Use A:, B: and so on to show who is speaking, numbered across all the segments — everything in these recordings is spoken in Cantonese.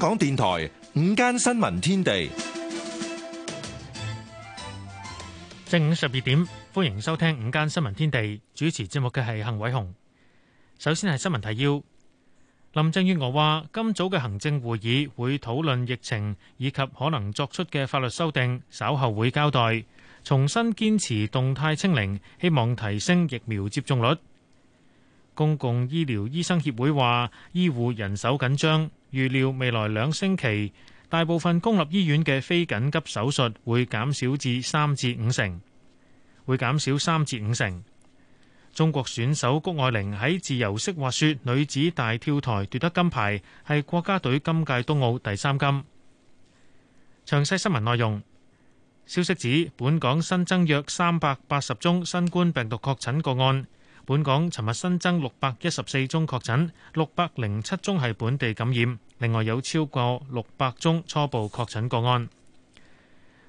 A: 香港電台午間新聞
B: 天地，正午十二點，歡迎收聽午間新聞天地。主持節目嘅係幸偉雄。首先係新聞提要。林鄭月娥話：今早嘅行政會議會討論疫情以及可能作出嘅法律修訂，稍後會交代。重新堅持動態清零，希望提升疫苗接種率。公共醫療醫生協會話：醫護人手緊張。預料未來兩星期，大部分公立醫院嘅非緊急手術會減少至三至五成，會減少三至五成。中國選手谷愛玲喺自由式滑雪女子大跳台奪得金牌，係國家隊今屆冬奧第三金。詳細新聞內容，消息指本港新增約三百八十宗新冠病毒確診個案。本港尋日新增六百一十四宗確診，六百零七宗係本地感染，另外有超過六百宗初步確診個案。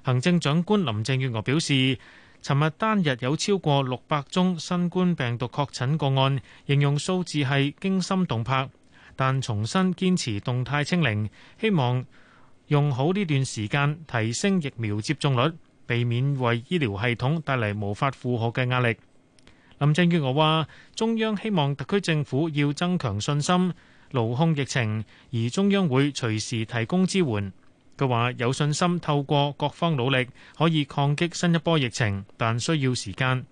B: 行政長官林鄭月娥表示，尋日單日有超過六百宗新冠病毒確診個案，形容數字係驚心動魄，但重新堅持動態清零，希望用好呢段時間提升疫苗接種率，避免為醫療系統帶嚟無法負荷嘅壓力。林鄭月娥話：中央希望特區政府要增強信心，牢控疫情，而中央會隨時提供支援。佢話有信心透過各方努力可以抗擊新一波疫情，但需要時間。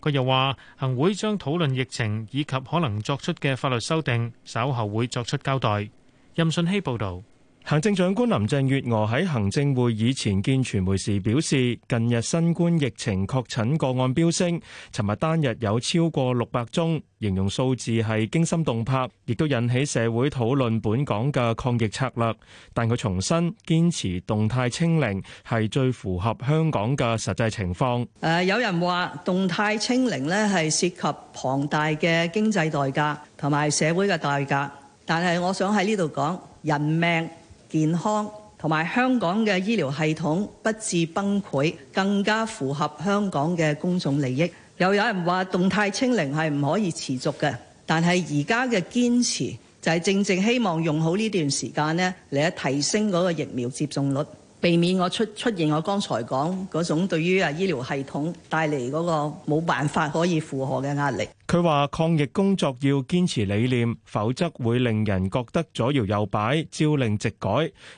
B: 佢又話：行會將討論疫情以及可能作出嘅法律修訂，稍後會作出交代。任信希報導。
A: 行政長官林鄭月娥喺行政會議前見傳媒時表示，近日新冠疫情確診個案飆升，尋日單日有超過六百宗，形容數字係驚心動魄，亦都引起社會討論本港嘅抗疫策略。但佢重申堅持動態清零係最符合香港嘅實際情況。
C: 誒、呃，有人話動態清零呢係涉及龐大嘅經濟代價同埋社會嘅代價，但係我想喺呢度講人命、健康同埋香港嘅醫療系統不致崩潰，更加符合香港嘅公眾利益。又有，有人話動態清零係唔可以持續嘅，但係而家嘅堅持就係正正希望用好呢段時間咧，嚟提升嗰個疫苗接種率。避免我出出現我剛才講嗰種對於啊醫療系統帶嚟嗰個冇辦法可以負荷嘅壓力。
A: 佢話抗疫工作要堅持理念，否則會令人覺得左搖右擺，朝令夕改。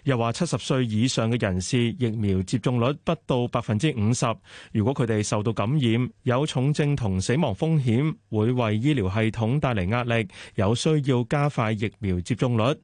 A: 又話七十歲以上嘅人士疫苗接種率不到百分之五十，如果佢哋受到感染，有重症同死亡風險，會為醫療系統帶嚟壓力，有需要加快疫苗接種率。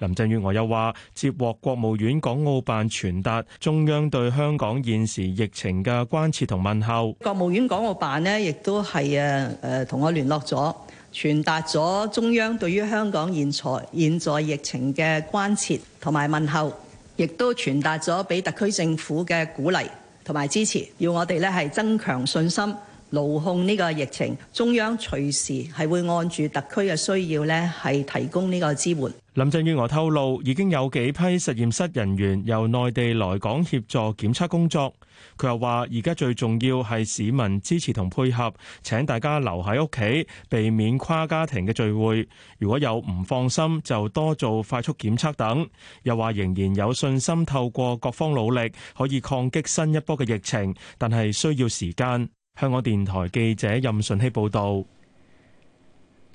A: 林鄭月娥又話：接獲國務院港澳辦傳達中央對香港現時疫情嘅關切同問候。
C: 國務院港澳辦呢，亦都係誒誒同我聯絡咗，傳達咗中央對於香港現財現在疫情嘅關切同埋問候，亦都傳達咗俾特區政府嘅鼓勵同埋支持，要我哋呢係增強信心，牢控呢個疫情。中央隨時係會按住特區嘅需要呢係提供呢個支援。
A: 林鄭月娥透露，已經有幾批實驗室人員由內地來港協助檢測工作。佢又話，而家最重要係市民支持同配合，請大家留喺屋企，避免跨家庭嘅聚會。如果有唔放心，就多做快速檢測等。又話，仍然有信心透過各方努力可以抗擊新一波嘅疫情，但係需要時間。香港電
B: 台記者任順希報道。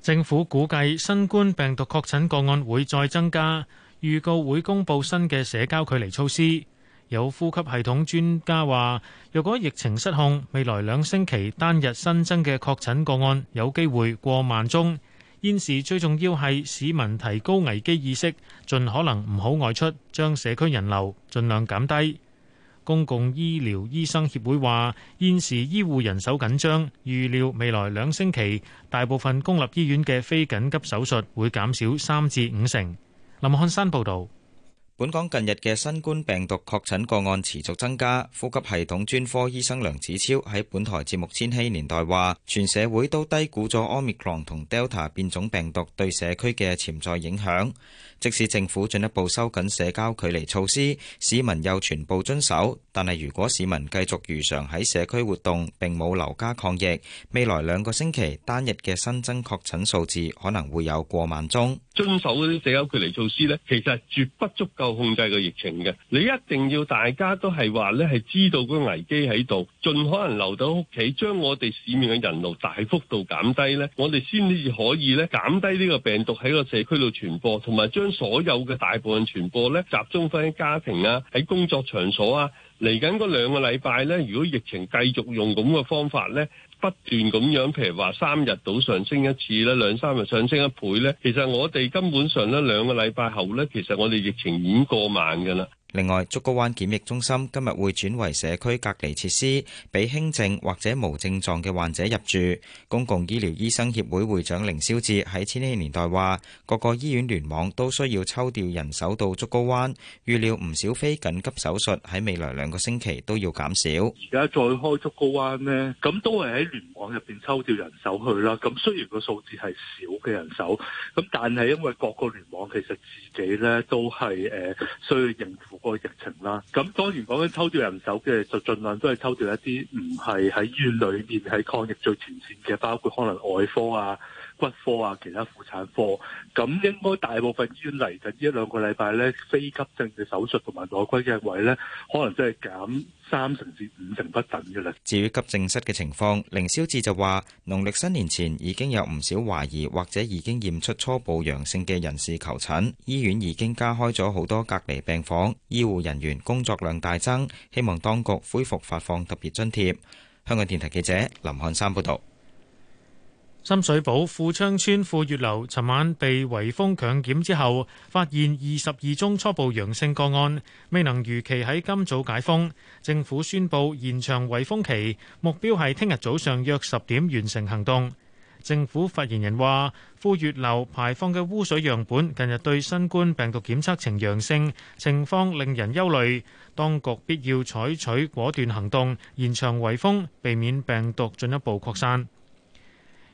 B: 政府估計新冠病毒確診個案會再增加，預告會公布新嘅社交距離措施。有呼吸系統專家話，若果疫情失控，未來兩星期單日新增嘅確診個案有機會過萬宗。現時最重要係市民提高危機意識，盡可能唔好外出，將社區人流盡量減低。公共醫療醫生協會話：現時醫護人手緊張，預料未來兩星期大部分公立醫院嘅非緊急手術會
D: 減少三至五成。林漢山報導。本港近日嘅新冠病毒確診個案持續增加，呼吸系統專科醫生梁子超喺本台節目《千禧年代》話，全社會都低估咗 Omicron 同 Delta 變種病毒對社區嘅潛在影響。即使政府進一步收緊社交距離措施，市民又全部遵守。但係如果市民繼續如常喺社區活動，並冇留家抗疫，未來兩個星期單日嘅新增確診數字可能會有過萬宗。
E: 遵守嗰啲社交距離措施咧，其實，係絕不足夠控制個疫情嘅。你一定要大家都係話咧，係知道嗰個危機喺度，盡可能留到屋企，將我哋市面嘅人流大幅度減低咧，我哋先至可以咧減低呢個病毒喺個社區度傳播，同埋將所有嘅大部分傳播咧集中翻喺家庭啊，喺工作場所啊。嚟緊嗰兩個禮拜呢，如果疫情繼續用咁嘅方法呢，不斷咁樣，譬如話三日到上升一次啦，兩三日上升一倍呢。其實我哋根本上呢兩個禮拜後呢，其實我哋疫情已經過萬㗎喇。
D: 另外，竹篙灣檢疫中心今日會轉為社區隔離設施，俾輕症或者無症狀嘅患者入住。公共醫療醫生協會會長凌霄志喺千禧年代話，各個醫院聯網都需要抽調人手到竹篙灣，預料唔少非緊急手術喺未來兩個星期都要減少。
E: 而家再開竹篙灣咧，咁都係喺聯網入邊抽調人手去啦。咁雖然個數字係少嘅人手，咁但
F: 係因為各個聯網其實自己咧都係誒需要應付。個疫情啦，咁當然講緊抽調人手嘅，就盡量都係抽調一啲唔係喺醫院裏面喺抗疫最前線嘅，包括可能外科啊。骨科啊，其他婦產科，
E: 咁應該大部分醫院嚟緊一兩個禮拜呢。非急症嘅手術同埋內窺嘅位呢，可能真係減三成至五成不等嘅啦。
D: 至於急症室嘅情況，凌霄志就話，農曆新年前已經有唔少懷疑或者已經驗出初步陽性嘅人士求診，醫院已經加開咗好多隔離病房，醫護人員工作量大增，希望當局恢復發放特別津貼。香港電台記者林漢山報導。深水埗富昌邨富月樓尋晚被
B: 圍封強檢之後，發現二十二宗初步陽性個案，未能如期喺今早解封。政府宣布延長圍封期，目標係聽日早上約十點完成行動。政府發言人話：富月樓排放嘅污水樣本近日對新冠病毒檢測呈陽性，情況令人憂慮。當局必要採取果斷行動，延長圍封，避免病毒進一步擴散。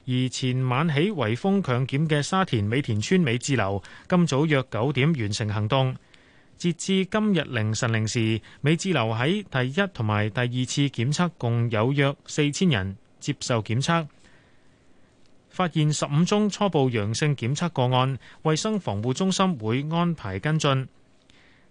B: 而前晚起圍封強檢嘅沙田美田村美治樓，今早約九點完成行動。截至今日凌晨零時，美治樓喺第一同埋第二次檢測共有約四千人接受檢測，發現十五宗初步陽性檢測個案，衛生防護中心會安排跟進。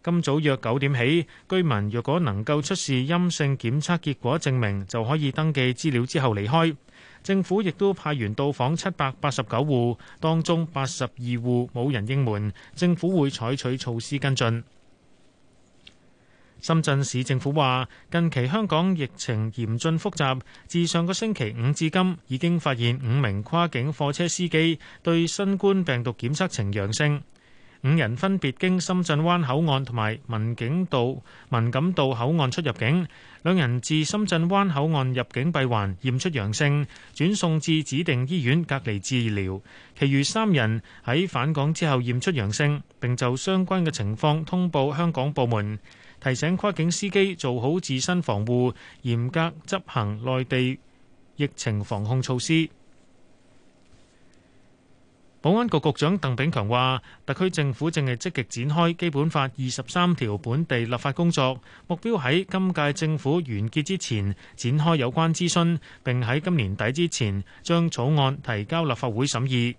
B: 今早約九點起，居民若果能夠出示陰性檢測結果證明，就可以登記資料之後離開。政府亦都派員到訪七百八十九戶，當中八十二戶冇人應門，政府會採取措施跟進。深圳市政府話：近期香港疫情嚴峻複雜，自上個星期五至今已經發現五名跨境貨車司機對新冠病毒檢測呈陽性。五人分別經深圳灣口岸同埋民警道、文錦渡口岸出入境，兩人自深圳灣口岸入境閉環驗出陽性，轉送至指定醫院隔離治療。其餘三人喺返港之後驗出陽性，並就相關嘅情況通報香港部門，提醒跨境司機做好自身防護，嚴格執行內地疫情防控措施。保安局局長鄧炳強話：特區政府正係積極展開《基本法》二十三條本地立法工作，目標喺今屆政府完結之前展開有關諮詢，並喺今年底之前將草案提交立法會審議。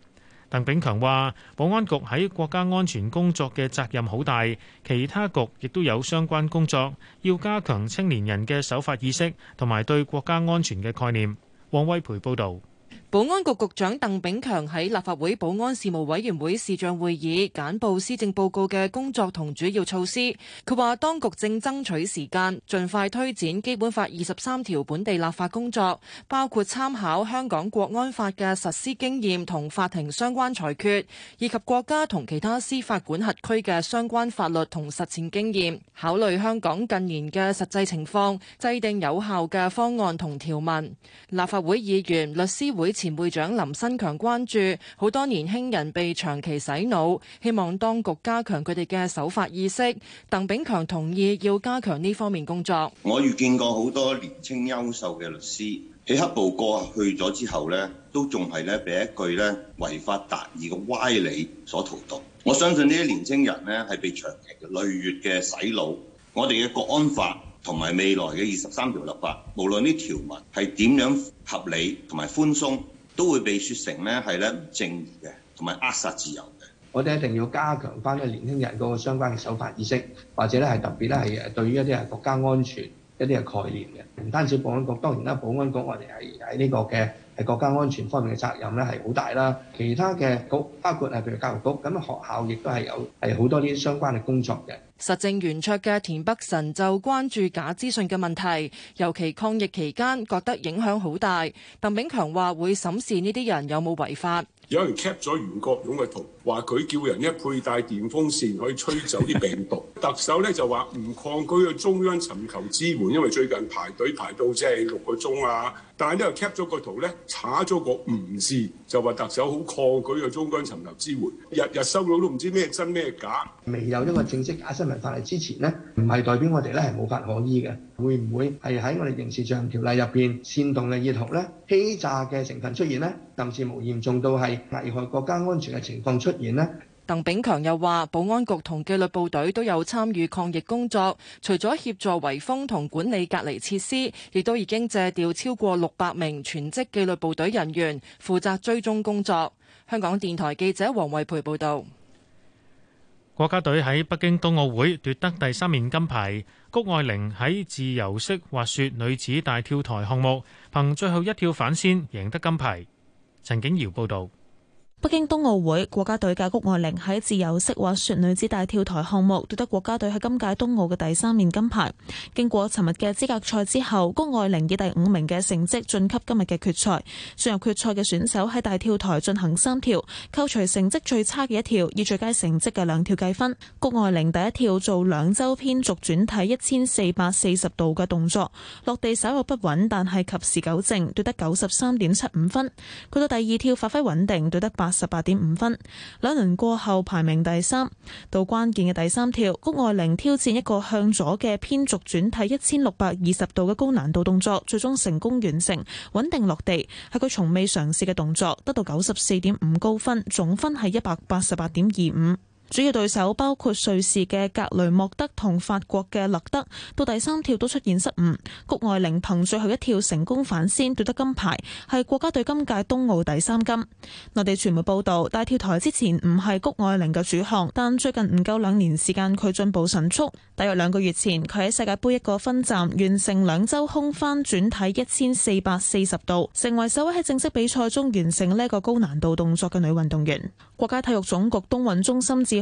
B: 鄧炳強話：保安局喺國家安全工作嘅責任好大，其他局亦都有相關工作，要加強青年人嘅守法意識同埋對國家安全嘅概念。王威培報道。
G: 保安局局長鄧炳強喺立法會保安事務委員會視像會議簡報施政報告嘅工作同主要措施，佢話當局正爭取時間，儘快推展《基本法》二十三條本地立法工作，包括參考香港國安法嘅實施經驗同法庭相關裁決，以及國家同其他司法管轄區嘅相關法律同實踐經驗，考慮香港近年嘅實際情況，制定有效嘅方案同條文。立法會議員、律師會。前會長林新強關注好多年輕人被長期洗腦，希望當局加強佢哋嘅守法意識。鄧炳強同意要加強呢方面工作。
H: 我遇見過好多年輕優秀嘅律師，喺黑暴過去咗之後呢，都仲係咧俾一句咧違法達義嘅歪理所荼毒。我相信呢啲年輕人呢，係被長期累月嘅洗腦。我哋嘅國安法同埋未來嘅二十三條立法，無論呢條文係點樣合理同埋寬鬆。都會被説成咧係咧唔正義嘅同埋扼殺自由嘅。
F: 我哋一定要加強翻咧年輕人嗰個相關嘅守法意識，或者咧係特別咧係對於一啲係國家安全一啲嘅概念嘅，唔單止保安局，當然啦，保安局我哋係喺呢個嘅。係國家安全方面嘅責任咧，係好大啦。其他嘅局包括係譬如教育局，咁學校亦都係有係好多啲相關嘅工作嘅。
G: 實政圓桌嘅田北辰就關注假資訊嘅問題，尤其抗疫期間，覺得影響好大。鄧炳強話會審視呢啲人有冇違法。
E: 有人 cap 咗袁國勇嘅圖，話佢叫人一佩戴電風扇去吹走啲病毒。特首咧就話唔抗拒去中央尋求支援，因為最近排隊排到即係六個鐘啊。但係因為 kept 咗個圖咧，查咗個唔字，就話特首好抗拒又中間尋求支援，日日收到都唔知咩真咩假。
F: 未有呢個正式假新聞法例之前咧，唔係代表我哋咧係冇法可依嘅。會唔會係喺我哋刑事罪行條例入邊煽動嘅意圖咧、
G: 欺詐嘅成分出現咧，甚至無嚴重到係危害國家安全嘅情況出現咧？鄧炳強又話，保安局同紀律部隊都有參與抗疫工作，除咗協助圍封同管理隔離設施，亦都已經借調超過六百名全職紀律部隊人員負責追蹤工作。香港電台記者黃惠培報道。
B: 國家隊喺北京冬奧會奪得第三面金牌，谷愛凌喺自由式滑雪女子大跳台項目憑最後一跳反先贏得金牌。陳景堯報道。
I: 北京冬奧會國家隊嘅谷愛玲喺自由式滑雪女子大跳台項目奪得國家隊喺今屆冬奧嘅第三面金牌。經過尋日嘅資格賽之後，谷愛玲以第五名嘅成績晉級今日嘅決賽。進入決賽嘅選手喺大跳台進行三跳，扣除成績最差嘅一跳，以最佳成績嘅兩條計分。谷愛玲第一跳做兩周偏軸轉體一千四百四十度嘅動作，落地稍有不穩，但係及時糾正，奪得九十三點七五分。佢到第二跳發揮穩定，奪得八。十八點五分，兩輪過後，排名第三。到關鍵嘅第三跳，谷愛凌挑戰一個向左嘅偏軸轉體一千六百二十度嘅高難度動作，最終成功完成，穩定落地，係佢從未嘗試嘅動作，得到九十四點五高分，總分係一百八十八點二五。主要對手包括瑞士嘅格雷莫德同法國嘅勒德，到第三跳都出現失誤。谷愛玲憑最後一跳成功反先奪得金牌，係國家隊今屆冬奧第三金。內地傳媒報道，大跳台之前唔係谷愛玲嘅主項，但最近唔夠兩年時間佢進步神速。大約兩個月前，佢喺世界杯一個分站完成兩周空翻轉體一千四百四十度，成為首位喺正式比賽中完成呢個高難度動作嘅女運動員。國家體育總局冬運中心至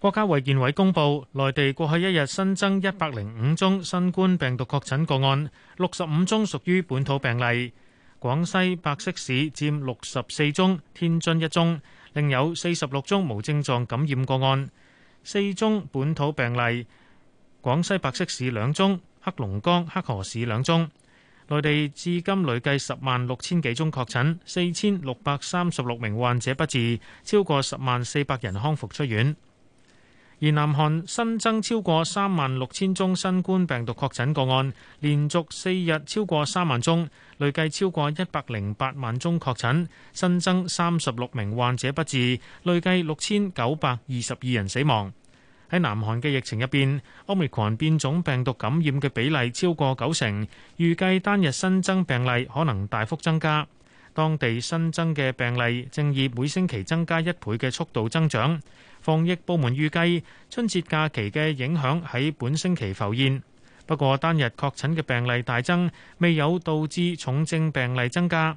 B: 國家衛健委公布，內地過去一日新增一百零五宗新冠病毒確診個案，六十五宗屬於本土病例。廣西百色市佔六十四宗，天津一宗，另有四十六宗無症狀感染個案，四宗本土病例，廣西百色市兩宗，黑龍江黑河市兩宗。內地至今累計十萬六千幾宗確診，四千六百三十六名患者不治，超過十萬四百人康復出院。而南韓新增超過三萬六千宗新冠病毒確診個案，連續四日超過三萬宗，累計超過一百零八萬宗確診，新增三十六名患者不治，累計六千九百二十二人死亡。喺南韓嘅疫情入邊，Omicron 變種病毒感染嘅比例超過九成，預計單日新增病例可能大幅增加。當地新增嘅病例正以每星期增加一倍嘅速度增長。防疫部門預計春節假期嘅影響喺本星期浮現，不過單日確診嘅病例大增，未有導致重症病例增加。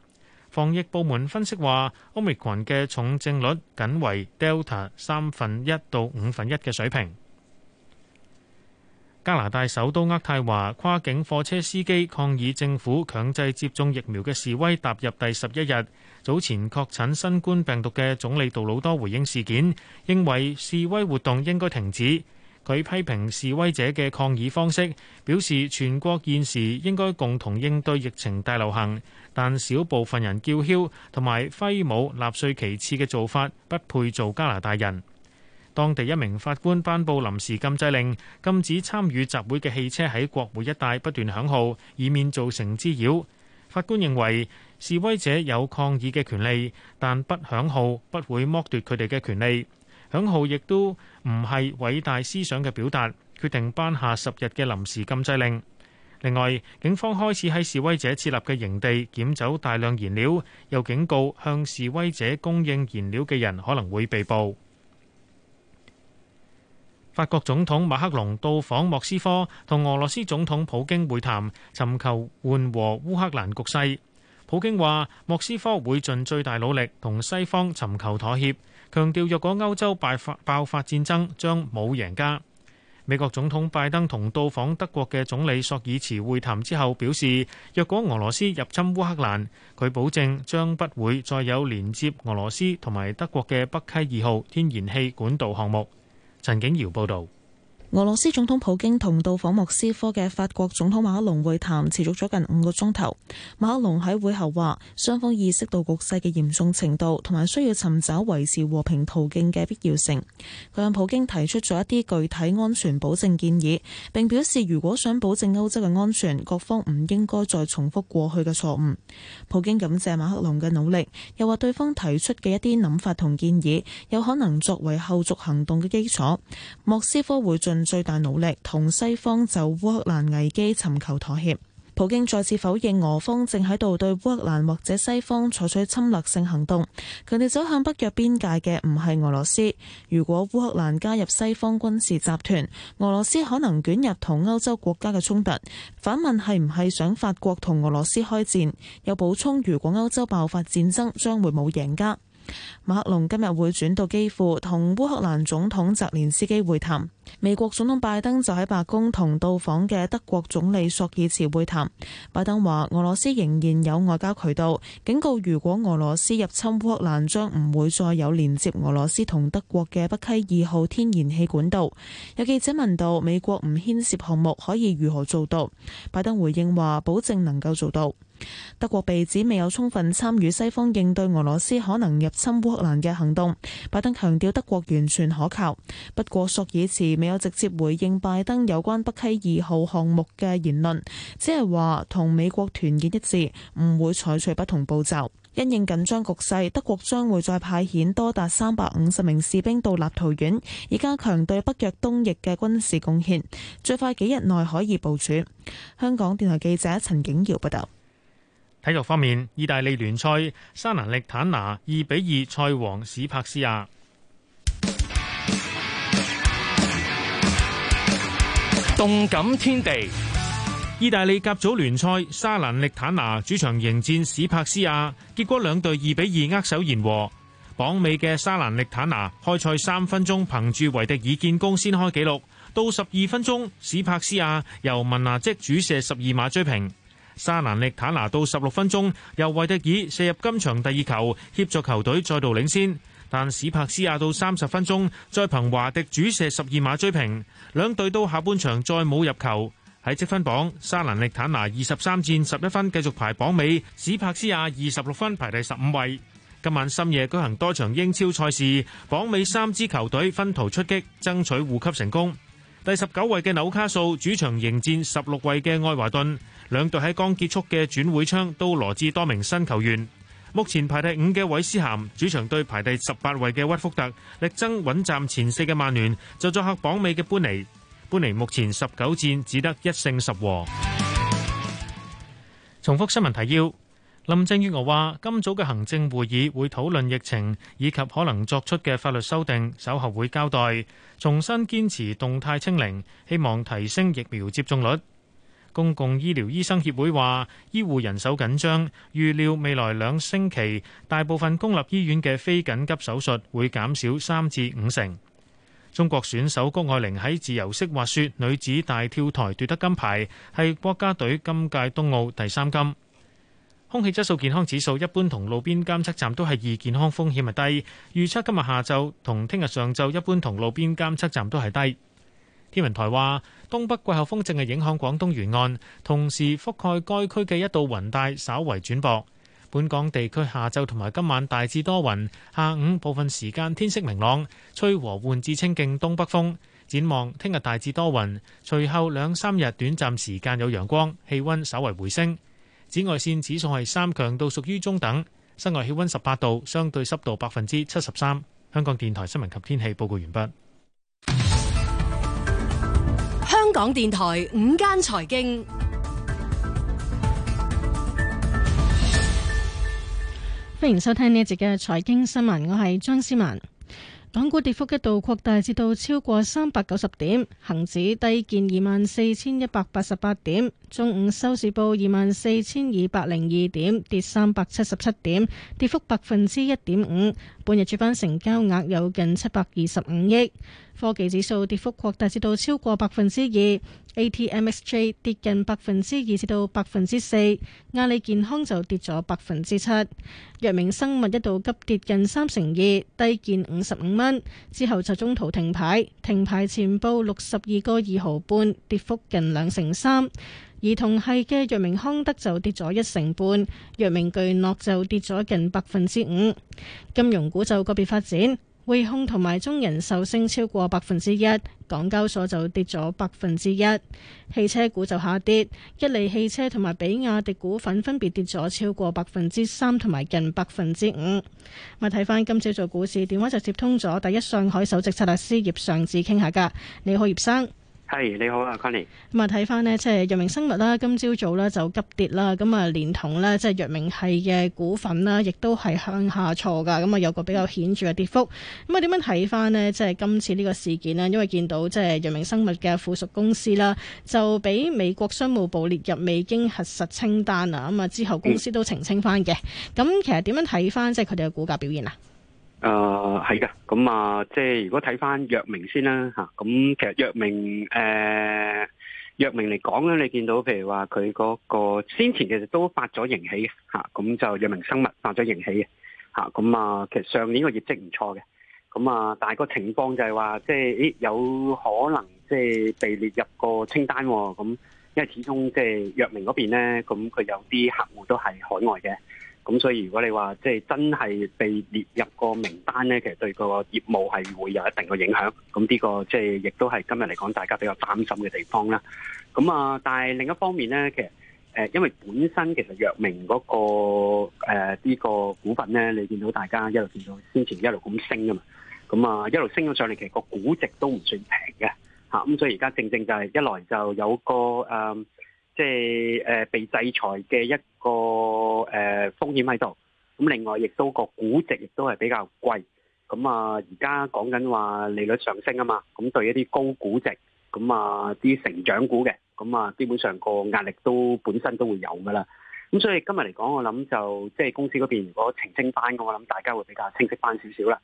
B: 防疫部門分析話，Omicron 嘅重症率僅為 Delta 三分一到五分一嘅水平。加拿大首都渥太華跨境貨車司機抗議政府強制接種疫苗嘅示威踏入第十一日。早前確診新冠病毒嘅總理杜魯多回應事件，認為示威活動應該停止。佢批評示威者嘅抗議方式，表示全國現時應該共同應對疫情大流行。但少部分人叫囂同埋揮舞納粹旗幟嘅做法，不配做加拿大人。當地一名法官頒布臨時禁制令，禁止參與集會嘅汽車喺國會一帶不斷響號，以免造成滋擾。法官認為，示威者有抗議嘅權利，但不響號不會剝奪佢哋嘅權利。響號亦都唔係偉大思想嘅表達，決定頒下十日嘅臨時禁制令。另外，警方開始喺示威者設立嘅營地檢走大量燃料，又警告向示威者供應燃料嘅人可能會被捕。法國總統馬克龍到訪莫斯科，同俄羅斯總統普京會談，尋求緩和烏克蘭局勢。普京話：莫斯科會盡最大努力同西方尋求妥協，強調若果歐洲爆發戰爭，將冇贏家。美國總統拜登同到訪德國嘅總理索爾茨會談之後表示，若果俄羅斯入侵烏克蘭，佢保證將不會再有連接俄羅斯同埋德國嘅北溪二號天然氣管道項目。陳景堯報道。
I: 俄羅斯總統普京同到訪莫斯科嘅法國總統馬克龍會談持續咗近五個鐘頭。馬克龍喺會後話，雙方意識到局勢嘅嚴重程度同埋需要尋找維持和平途徑嘅必要性。佢向普京提出咗一啲具體安全保障建議，並表示如果想保證歐洲嘅安全，各方唔應該再重複過去嘅錯誤。普京感謝馬克龍嘅努力，又話對方提出嘅一啲諗法同建議有可能作為後續行動嘅基礎。莫斯科會盡最大努力同西方就烏克蘭危機尋求妥協，普京再次否認俄方正喺度對烏克蘭或者西方採取侵略性行動，強調走向北約邊界嘅唔係俄羅斯。如果烏克蘭加入西方軍事集團，俄羅斯可能捲入同歐洲國家嘅衝突。反問係唔係想法國同俄羅斯開戰？又補充，如果歐洲爆發戰爭，將會冇贏家。馬克龍今日會轉到基輔同烏克蘭總統澤連斯基會談。美國總統拜登就喺白宮同到訪嘅德國總理索爾茨會談。拜登話俄羅斯仍然有外交渠道，警告如果俄羅斯入侵烏克蘭，將唔會再有連接俄羅斯同德國嘅北溪二號天然氣管道。有記者問到美國唔牽涉項目可以如何做到？拜登回應話保證能夠做到。德國被指未有充分參與西方應對俄羅斯可能入侵烏克蘭嘅行動，拜登強調德國完全可靠。不過索爾茨未有直接回應拜登有關北溪二號項目嘅言論，只係話同美國團結一致，唔會採取不同步驟。因應緊張局勢，德國將會再派遣多達三百五十名士兵到立陶宛，以加強對北約東翼嘅軍事貢獻，最快幾日內可以部署。香港電台記者陳景瑤報道。
B: 體育方面，意大利聯賽沙蘭力坦拿二比二賽王史帕斯亞。動感天地，意大利甲組聯賽沙蘭力坦拿主場迎戰史帕斯亞，結果兩隊二比二握手言和。榜尾嘅沙蘭力坦拿開賽三分鐘，憑住維迪爾建功先開紀錄，到十二分鐘史帕斯亞由文拿即主射十二碼追平。沙蘭力坦拿到十六分鐘，由韋迪爾射入今場第二球，協助球隊再度領先。但史柏斯亞到三十分鐘，再憑華迪主射十二碼追平。兩隊都下半場再冇入球。喺積分榜，沙蘭力坦拿二十三戰十一分，繼續排榜尾；史柏斯亞二十六分排第十五位。今晚深夜舉行多場英超賽事，榜尾三支球隊分途出擊，爭取護級成功。第十九位嘅紐卡素主場迎戰十六位嘅愛華頓。兩隊喺剛結束嘅轉會窗都羅致多名新球員。目前排第五嘅韋斯咸，主場對排第十八位嘅屈福特，力爭穩占前四嘅曼聯，就作客榜尾嘅搬尼。搬尼目前十九戰只得一勝十和。重複新聞提要：林鄭月娥話，今早嘅行政會議，會議會討論疫情以及可能作出嘅法律修訂，稍後會交代，重新堅持動態清零，希望提升疫苗接種率。公共醫療醫生協會話，醫護人手緊張，預料未來兩星期大部分公立醫院嘅非緊急手術會減少三至五成。中國選手谷愛凌喺自由式滑雪女子大跳台奪得金牌，係國家隊今屆冬奧第三金。空氣質素健康指數一般同路邊監測站都係二，健康風險係低，預測今日下晝同聽日上晝一般同路邊監測站都係低。天文台話，東北季候風正係影響廣東沿岸，同時覆蓋該區嘅一道雲帶稍為轉薄。本港地區下晝同埋今晚大致多雲，下午部分時間天色明朗，吹和緩至清勁東北風。展望聽日大致多雲，隨後兩三日短暫時間有陽光，氣温稍為回升。紫外線指數係三強度，屬於中等。室外氣温十八度，相對濕度百分之七十三。香港電台新聞及天氣報
J: 告完畢。香港電台午間財經，歡迎收聽呢一節嘅財經新聞，我係張思文。港股跌幅一度擴大，至到超過三百九十點，恒指低見二萬四千一百八十八點。中午收市報二萬四千二百零二點，跌三百七十七點，跌幅百分之一點五。半日主板成交額有近七百二十五億。科技指數跌幅擴大至到超過百分之二，ATMXJ 跌近百分之二至到百分之四。阿里健康就跌咗百分之七。藥明生物一度急跌近三成二，低見五十五蚊，之後就中途停牌。停牌前報六十二個二毫半，跌幅近兩成三。兒童係嘅藥明康德就跌咗一成半，藥明巨諾就跌咗近百分之五。金融股就個別發展，匯控同埋中人壽升超過百分之一，港交所就跌咗百分之一。汽車股就下跌，一利汽車同埋比亞迪股份分別跌咗超過百分之三同埋近百分之五。咪睇翻今朝早股市電話就接通咗，第一上海首席策略師葉尚志傾下噶，你好葉生。係，你好啊 Connie 咁啊，睇翻呢，即係藥明生物啦，今朝早咧，就急跌啦。咁啊，連同呢，即係藥明係嘅股份啦，亦都係向下挫噶。咁啊，有個比較顯著嘅跌幅。咁啊，點樣睇翻呢？即係今次呢個事件咧，因為見到即係藥明生物嘅附屬公司啦，就俾美國商務部列入未經核實清單啊。咁啊，之後公司都澄清翻嘅。咁、嗯、其實點樣睇翻？即係佢哋嘅股價表現啊？
F: 誒，係噶、呃，咁、嗯、啊，即係如果睇翻藥明先啦吓，咁其實藥明誒，藥明嚟講咧，你見到譬如話佢嗰個先前其實都發咗盈喜吓，咁、啊嗯、就藥明生物發咗盈喜嘅吓，咁啊，其實上年個業績唔錯嘅，咁啊，但係個情況就係話，即係有可能即係被列入個清單，咁、啊、因為始終即係藥明嗰邊咧，咁、嗯、佢有啲客戶都係海外嘅。咁所以如果你話即係真係被列入個名單咧，其實對個業務係會有一定個影響。咁呢個即係亦都係今日嚟講大家比較擔心嘅地方啦。咁啊，但係另一方面咧，其實誒，因為本身其實藥明嗰個誒呢個股份咧，你見到大家一路見到先前一路咁升吖嘛。咁啊，一路升咗上嚟，其實個估值都唔算平嘅吓。咁所以而家正正就係一來就有個誒，即係誒被制裁嘅一個。誒風險喺度，咁另外亦都個估值亦都係比較貴，咁啊而家講緊話利率上升啊嘛，咁對一啲高估值，咁啊啲成長股嘅，咁啊基本上個壓力都本身都會有噶啦，咁所以今日嚟講，我諗就即係公司嗰邊如果澄清翻嘅，我諗大家會比較清晰翻少少啦，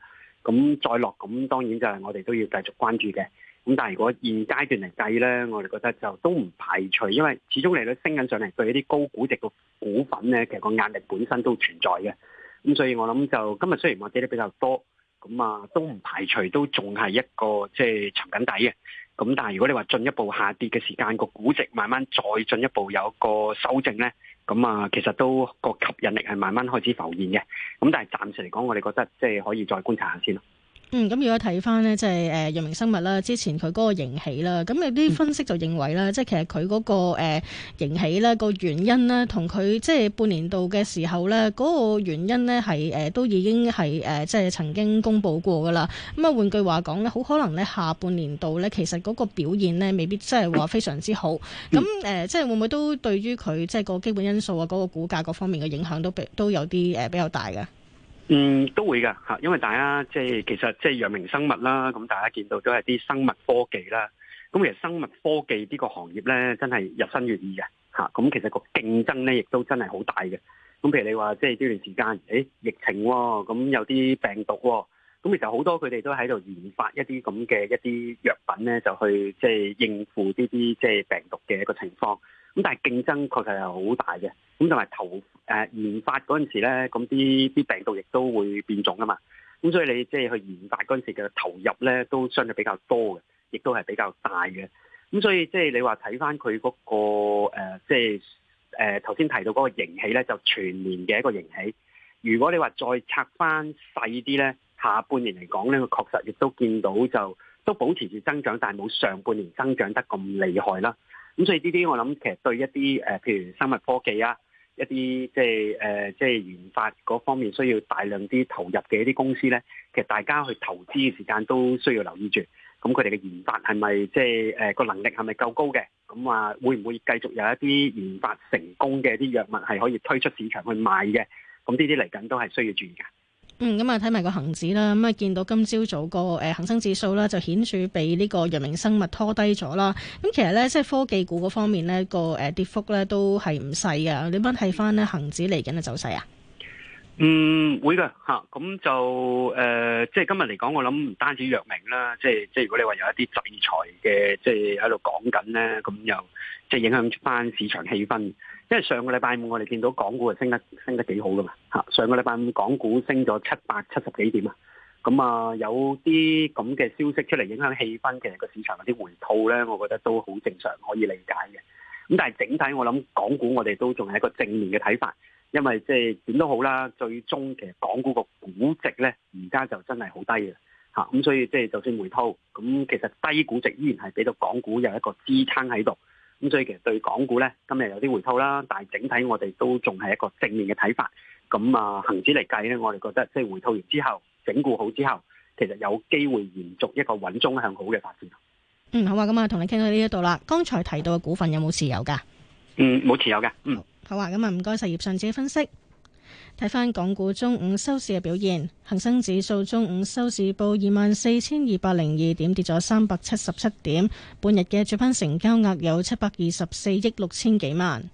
F: 咁再落，咁當然就係我哋都要繼續關注嘅。咁但係如果現階段嚟計咧，我哋覺得就都唔排除，因為始終嚟到升緊上嚟，對一啲高估值嘅股份咧，其實個壓力本身都存在嘅。咁所以我諗就今日雖然下跌得比較多，咁啊都唔排除都仲係一個即係沉緊底嘅。咁但係如果你話進一步下跌嘅時間，個估值慢慢再進一步有個修正咧，咁啊其實都個吸引力係慢慢開始浮現嘅。咁但係暫時嚟講，我哋覺得即係可以再觀察下先咯。
J: 嗯，咁如果睇翻呢，即係誒藥明生物啦，之前佢嗰個盈喜啦，咁有啲分析就認為啦，嗯、即係其實佢嗰個誒盈喜咧個原因咧，同佢即係半年度嘅時候咧嗰個原因呢，係、呃、誒都已經係誒、呃、即係曾經公布過噶啦。咁啊換句話講呢，好可能呢，下半年度呢，其實嗰個表現呢，未必即係話非常之好。咁誒、嗯呃、即係會唔會都對於佢即係個基本因素啊，嗰個股價各方面嘅影響都都有啲誒、呃、比較大嘅？
F: 嗯，都會噶嚇，因為大家即係其實即係藥明生物啦，咁大家見到都係啲生物科技啦。咁其實生物科技呢個行業咧，真係日新月異嘅嚇。咁其實個競爭咧，亦都真係好大嘅。咁譬如你話即係呢段時間，誒疫情喎，咁有啲病毒喎，咁其實好多佢哋都喺度研發一啲咁嘅一啲藥品咧，就去即係應付呢啲即係病毒嘅一個情況。咁但係競爭確實係好大嘅，咁同埋投誒研發嗰陣時咧，咁啲啲病毒亦都會變種噶嘛，咁所以你即係去研發嗰陣時嘅投入咧，都相對比較多嘅，亦都係比較大嘅。咁所以即係你話睇翻佢嗰個誒，即係誒頭先提到嗰個盈喜咧，就全年嘅一個盈喜。如果你話再拆翻細啲咧，下半年嚟講咧，確實亦都見到就都保持住增長，但係冇上半年增長得咁厲害啦。咁所以呢啲我諗其實對一啲誒，譬如生物科技啊，一啲即係誒，即係研發嗰方面需要大量啲投入嘅一啲公司咧，其實大家去投資嘅時間都需要留意住。咁佢哋嘅研發係咪即係誒個能力係咪夠高嘅？咁啊會唔會繼續有一啲研發成功嘅一啲藥物係可以推出市場去賣嘅？咁呢啲嚟緊都係需要注意嘅。
J: 嗯，咁啊睇埋個恒指啦，咁啊見到今朝早個誒恆生指數啦，就顯著畀呢個藥明生物拖低咗啦。咁其實咧，即係科技股嗰方面咧，個誒跌幅咧都係唔細㗎。你分睇翻咧恒指嚟緊嘅走勢啊？
F: 嗯，會嘅嚇。咁、啊、就誒、呃，即係今日嚟講，我諗唔單止藥明啦，即係即係如果你話有一啲制裁嘅，即係喺度講緊咧，咁又即係影響翻市場氣氛。因為上個禮拜五我哋見到港股係升得升得幾好噶嘛嚇，上個禮拜五港股升咗七百七十幾點啊，咁、嗯、啊有啲咁嘅消息出嚟影響氣氛，其實個市場有啲回吐咧，我覺得都好正常可以理解嘅。咁、嗯、但係整體我諗港股我哋都仲係一個正面嘅睇法，因為即係點都好啦，最終其實港股個估值咧而家就真係好低嘅嚇，咁、嗯、所以即係就算回吐，咁其實低估值依然係俾到港股有一個支撐喺度。咁所以其實對港股咧，今日有啲回吐啦，但係整體我哋都仲係一個正面嘅睇法。咁、嗯、啊，恒指嚟計咧，我哋覺得即係回吐完之後，整固好之後，其實有機會延續一個穩中向好嘅發展。
J: 嗯，好啊，咁、嗯、啊，同你傾到呢一度啦。剛才提到嘅股份有冇持有噶、
F: 嗯？嗯，冇持有嘅。
J: 嗯，好啊，咁啊，唔該實業上自己分析。睇翻港股中午收市嘅表現，恒生指數中午收市報二萬四千二百零二點，跌咗三百七十七點。半日嘅主板成交額有七百二十四億六千幾萬。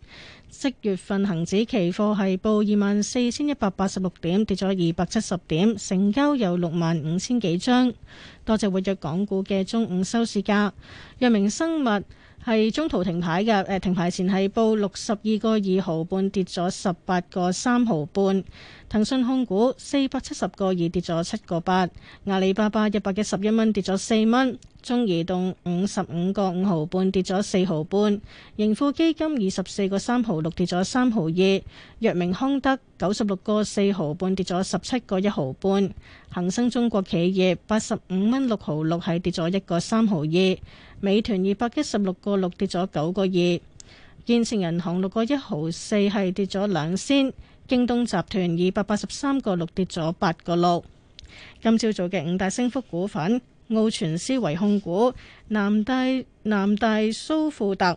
J: 即月份恒指期貨係報二萬四千一百八十六點，跌咗二百七十點，成交有六萬五千幾張。多隻活躍港股嘅中午收市價，藥明生物，係中途停牌嘅，誒、呃、停牌前係報六十二個二毫半，5, 跌咗十八個三毫半。騰訊控股四百七十個二，2, 跌咗七個八。阿里巴巴一百一十一蚊，跌咗四蚊。中移動五十五個五毫半，5. 5, 跌咗四毫半。盈富基金二十四個三毫六，6, 跌咗三毫二。藥明康德九十六個四毫半，5, 跌咗十七個一毫半。恒生中國企業八十五蚊六毫六，係跌咗一個三毫二。美團二百一十六個六，跌咗九個二，建設銀行六個一毫四係跌咗兩仙，京東集團二百八十三個六，跌咗八個六。今朝早嘅五大升幅股份：澳泉思維控股、南大南大蘇富特、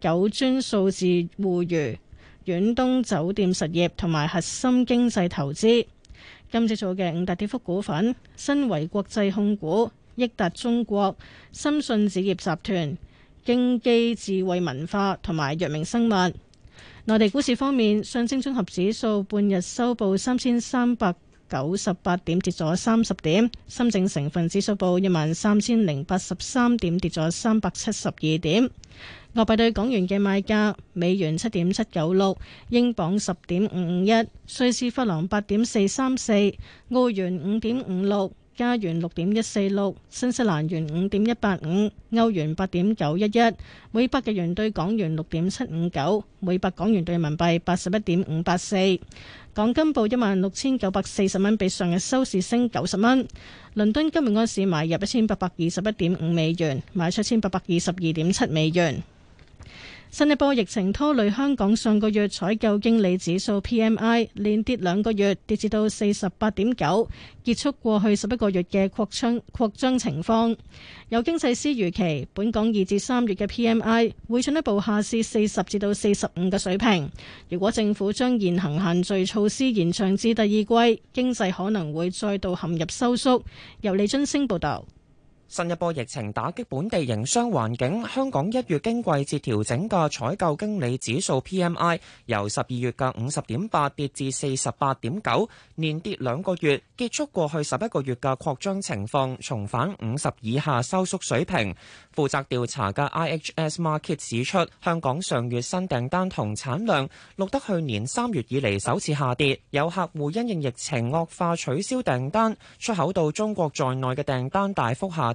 J: 九尊數字互娛、遠東酒店實業同埋核心經濟投資。今朝早嘅五大跌幅股份：新維國際控股。益達中國、深信紙業集團、京基智慧文化同埋藥明生物。內地股市方面，上證綜合指數半日收報三千三百九十八點，跌咗三十點。深證成分指數報一萬三千零八十三點，跌咗三百七十二點。外幣對港元嘅賣價：美元七點七九六，英鎊十點五五一，瑞士法郎八點四三四，澳元五點五六。加元六點一四六，6. 6，新西蘭元五點一八五，歐元八點九一一，每百日元兌港元六點七五九，每百港元兌人民幣八十一點五八四。港金報一萬六千九百四十蚊，比上日收市升九十蚊。倫敦金每盎司買入一千八百二十一點五美元，賣出一千八百二十二點七美元。新一波疫情拖累香港上個月採購經理指數 PMI 連跌兩個月，跌至到四十八點九，結束過去十一個月嘅擴張擴張情況，有經濟師預期，本港二至三月嘅 PMI 會進一步下試四十至到四十五嘅水平。如果政府將現行限聚措施延長至第二季，經濟可能會再度陷入收縮，由李津星報道。
H: 新一波疫情打擊本地營商環境，香港一月經季節調整嘅採購經理指數 PMI 由十二月嘅五十點八跌至四十八點九，連跌兩個月，結束過去十一個月嘅擴張情況，重返五十以下收縮水平。負責調查嘅 IHS Markit 指出，香港上月新訂單同產量錄得去年三月以嚟首次下跌，有客戶因應疫情惡化取消訂單，出口到中國在內嘅訂單大幅下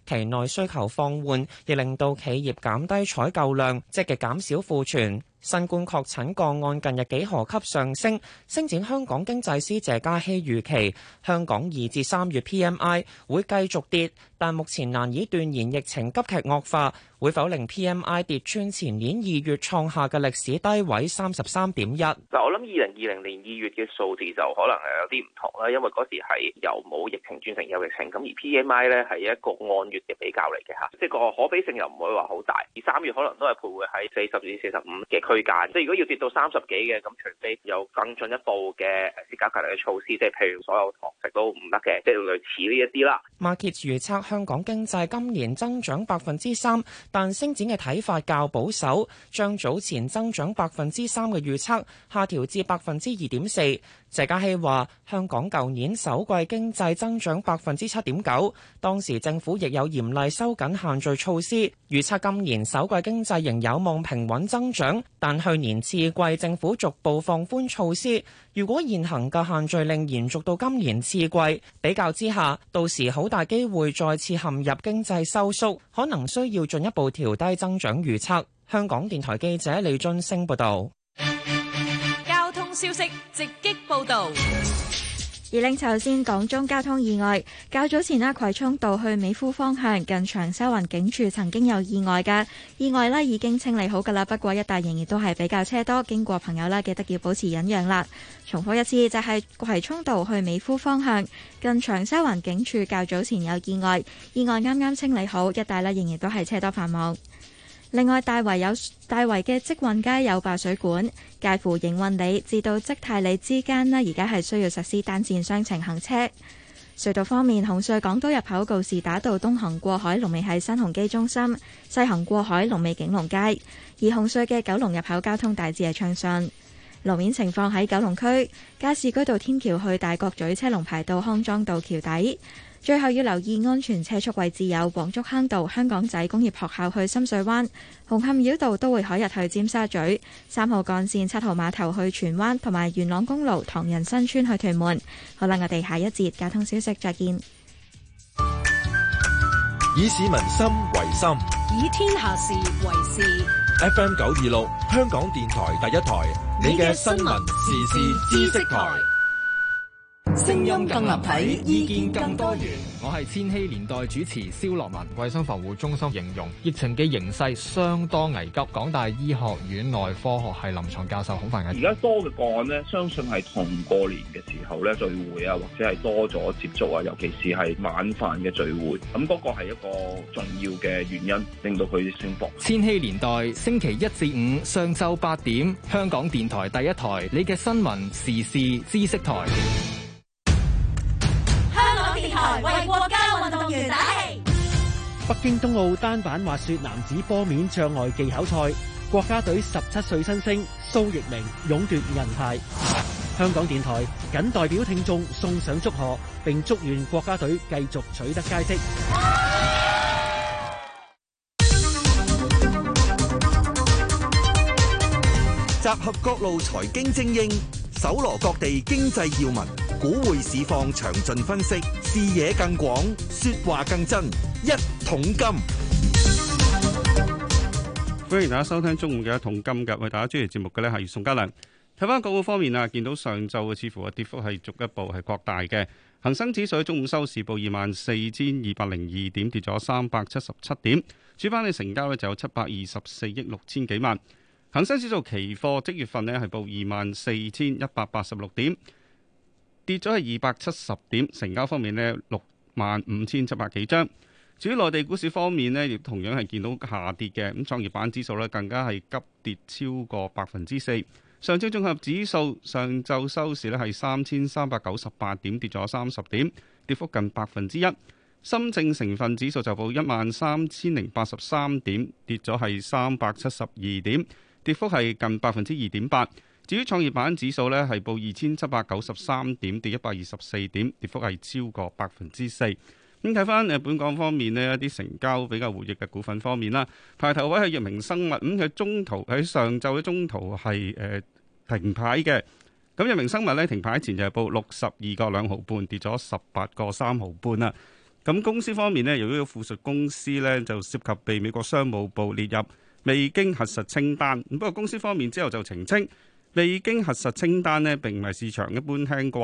H: 期內需求放緩，亦令到企業減低採購量，積極減少庫存。新冠確診個案近日幾何級上升，星展香港經濟師謝嘉熙預期，香港二至三月 PMI 會繼續跌，但目前難以斷言疫情急劇惡化會否令 PMI 跌穿前年二月創下嘅歷史低位三十三點一。嗱，我諗二零二零年二月嘅數字就可能係有啲唔同啦，因為嗰時係由冇疫情轉成有疫情，咁而 PMI 呢係一個按月嘅比較嚟嘅嚇，即係個可比性又唔會話好大，而三月可能都係徘徊喺四十至四十五嘅區間。即係如果要跌到三十幾嘅，咁除非有更進一步嘅啲加強隔離嘅措施，即係譬如所有堂食都唔得嘅，即係類似呢一啲啦。馬傑預測香港經濟今年增長百分之三，但星展嘅睇法較保守，將早前增長百分之三嘅預測下調至百分之二點四。謝家希話：香港舊年首季經濟增長百分之七點九，當時政府亦有嚴厲收緊限聚措施。預測今年首季經濟仍有望平穩增長，但去年次季政府逐步放寬措施。如果現行嘅限聚令延續到今年次季，比較之下，到時好大機會再次陷入經濟收縮，可能需要進一步調低增長預測。香港電台記者李津升報道。
K: 消息直擊報道，而令頭先港中交通意外。較早前阿葵涌道，去美孚方向近長沙灣警署曾經有意外嘅，意外咧已經清理好噶啦，不過一帶仍然都係比較車多，經過朋友咧記得要保持忍讓啦。重複一次就係、是、葵涌道去美孚方向近長沙灣警署較早前有意外，意外啱啱清理好，一帶咧仍然都係車多繁忙。另外，大圍有大圍嘅積運街有爆水管，介乎盈運裏至到積泰里之間咧，而家係需要實施單線雙程行車。隧道方面，紅隧港島入口告士打道東行過海，龍尾喺新鴻基中心；西行過海，龍尾景隆街。而紅隧嘅九龍入口交通大致係暢順。路面情況喺九龍區加士居道天橋去大角咀車龍排到康莊道橋底。最後要留意安全車速位置有黃竹坑道、香港仔工業學校去深水灣、紅磡繞道都會海逸去尖沙咀、三號幹線、七號碼頭去荃灣，同埋元朗公路、唐人新村去屯門。好啦，我哋下一節交通消息再見。
H: 以市民心為心，
J: 以天下事為事。
H: FM 九二六，26, 香港電台第一台，你嘅新聞時事知識台。聲音更立體，意見更多元。我係千禧年代主持
B: 蕭樂文。衛生防護中心形容疫情嘅形勢相當危急。港大醫學院內科學系臨床教授孔繁毅，而
E: 家多嘅個案呢，相信係同過年嘅時候咧聚會啊，或者係多咗接觸啊，尤其是係晚飯嘅聚會，咁、那、嗰個係一個重要嘅原因，令到佢升幅。
B: 千禧年代星期一至五上晝八點，香港電台第一台，你嘅新聞時事知識台。
J: 為國家運動員打
F: 氣！北京冬奧單板滑雪男子坡面障礙技巧賽，國家隊十七歲新星蘇翊鳴勇奪銀牌。香港電台謹代表聽眾送上祝賀，並祝願國家隊繼續取得佳績。
E: 集合各路財經精英。搜羅各地經濟要聞，股匯市況詳盡分析，視野更廣，說話更真。一桶金，歡迎大家收聽中午嘅一桶金嘅，為大家主持節目嘅咧係宋嘉良。睇翻港股方面啊，見到上晝啊，似乎嘅跌幅係逐一步係擴大嘅。恒生指數中午收市報二萬四千二百零二點，跌咗三百七十七點。主板嘅成交呢就有七百二十四億六千幾萬。恒生指數期貨即月份呢係報二萬四千一百八十六點，跌咗係二百七十點。成交方面呢，六萬五千七百幾張。至於內地股市方面呢，亦同樣係見到下跌嘅。咁創業板指數呢，更加係急跌超過百分之四。上證綜合指數上晝收市呢係三千三百九十八點，跌咗三十點，跌幅近百分之一。深證成分指數就報一萬三千零八十三點，跌咗係三百七十二點。跌幅係近百分之二點八。至於創業板指數呢，係報二千七百九十三點，跌一百二十四點，跌幅係超過百分之四。咁睇翻誒本港方面呢，一啲成交比較活躍嘅股份方面啦，排頭位係藥明生物。咁佢中途喺上晝嘅中途係誒、呃、停牌嘅。咁藥明生物呢，停牌前就係報六十二個兩毫半，跌咗十八個三毫半啦。咁公司方面呢，由於附屬公司呢就涉及被美國商務部列入。未經核實清單，不，不過公司方面之後就澄清，未經核實清單咧，並唔係市場一般聽過。